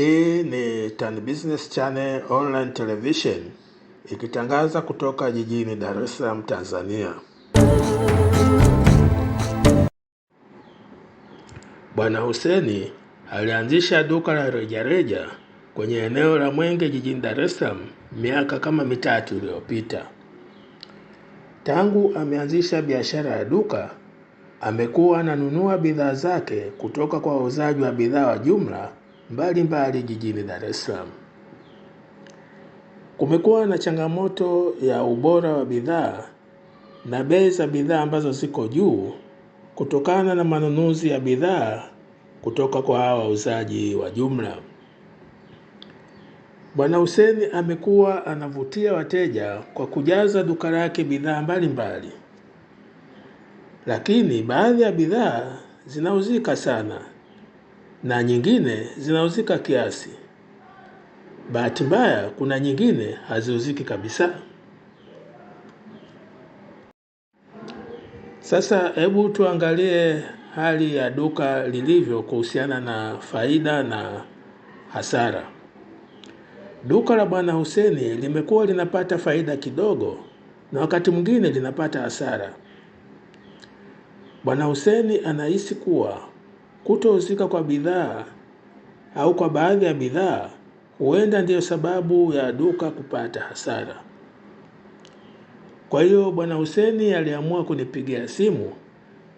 Hii ni Tan Business Channel Online Television ikitangaza kutoka jijini Dar es Salaam, Tanzania. Bwana Huseni alianzisha duka la rejareja kwenye eneo la Mwenge jijini Dar es Salaam miaka kama mitatu iliyopita. Tangu ameanzisha biashara ya duka, amekuwa ananunua bidhaa zake kutoka kwa wauzaji wa bidhaa wa jumla mbalimbali jijini Dar es Salaam. Kumekuwa na changamoto ya ubora wa bidhaa na bei za bidhaa ambazo ziko juu kutokana na manunuzi ya bidhaa kutoka kwa hawa wauzaji wa jumla. Bwana Huseni amekuwa anavutia wateja kwa kujaza duka lake bidhaa mbalimbali, lakini baadhi ya bidhaa zinauzika sana na nyingine zinauzika kiasi. Bahati mbaya, kuna nyingine haziuziki kabisa. Sasa hebu tuangalie hali ya duka lilivyo kuhusiana na faida na hasara. Duka la Bwana Huseni limekuwa linapata faida kidogo na wakati mwingine linapata hasara. Bwana Huseni anahisi kuwa kutohusika kwa bidhaa au kwa baadhi ya bidhaa huenda ndiyo sababu ya duka kupata hasara. Kwa hiyo Bwana Huseni aliamua kunipigia simu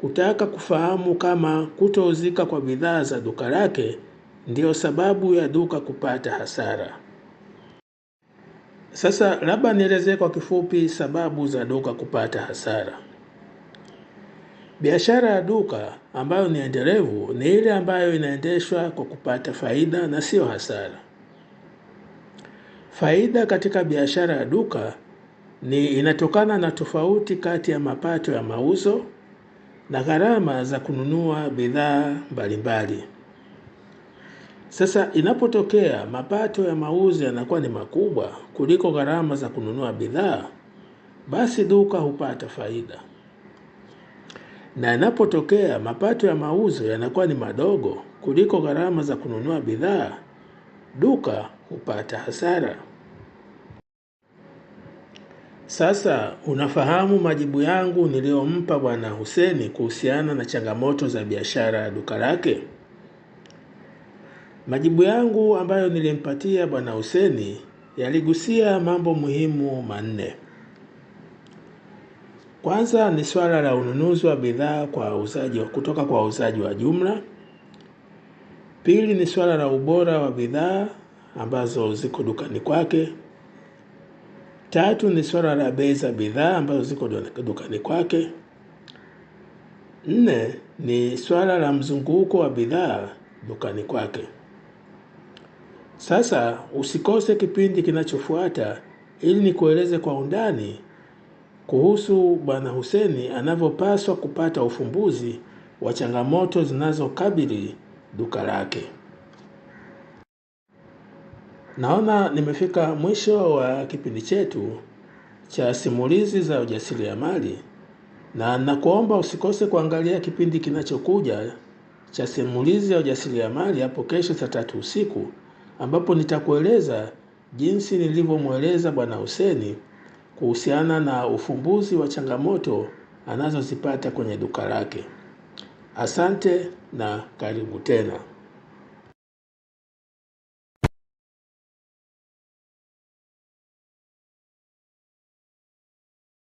kutaka kufahamu kama kutohusika kwa bidhaa za duka lake ndiyo sababu ya duka kupata hasara. Sasa labda nielezee kwa kifupi sababu za duka kupata hasara. Biashara ya duka ambayo ni endelevu ni ile ambayo inaendeshwa kwa kupata faida na sio hasara. Faida katika biashara ya duka ni inatokana na tofauti kati ya mapato ya mauzo na gharama za kununua bidhaa mbalimbali. Sasa inapotokea mapato ya mauzo yanakuwa ni makubwa kuliko gharama za kununua bidhaa, basi duka hupata faida na yanapotokea mapato ya mauzo yanakuwa ni madogo kuliko gharama za kununua bidhaa, duka hupata hasara. Sasa unafahamu majibu yangu niliyompa Bwana Huseni kuhusiana na changamoto za biashara ya duka lake. Majibu yangu ambayo nilimpatia Bwana Huseni yaligusia mambo muhimu manne. Kwanza ni swala la ununuzi wa bidhaa kwa wauzaji kutoka kwa wauzaji wa jumla. Pili ni swala la ubora wa bidhaa ambazo ziko dukani kwake. Tatu ni swala la bei za bidhaa ambazo ziko dukani kwake. Nne ni swala la mzunguko wa bidhaa dukani kwake. Sasa usikose kipindi kinachofuata ili nikueleze kwa undani kuhusu Bwana Huseni anavyopaswa kupata ufumbuzi wa changamoto zinazokabili duka lake. Naona nimefika mwisho wa kipindi chetu cha simulizi za ujasiriamali, na nakuomba usikose kuangalia kipindi kinachokuja cha simulizi ya ujasiriamali hapo kesho saa tatu usiku, ambapo nitakueleza jinsi nilivyomweleza Bwana Huseni kuhusiana na ufumbuzi wa changamoto anazozipata kwenye duka lake. Asante na karibu tena.